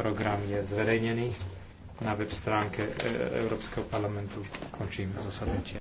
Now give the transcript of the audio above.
Program je zverejnený na web stránke e- Európskeho parlamentu. Končím zasadnutie.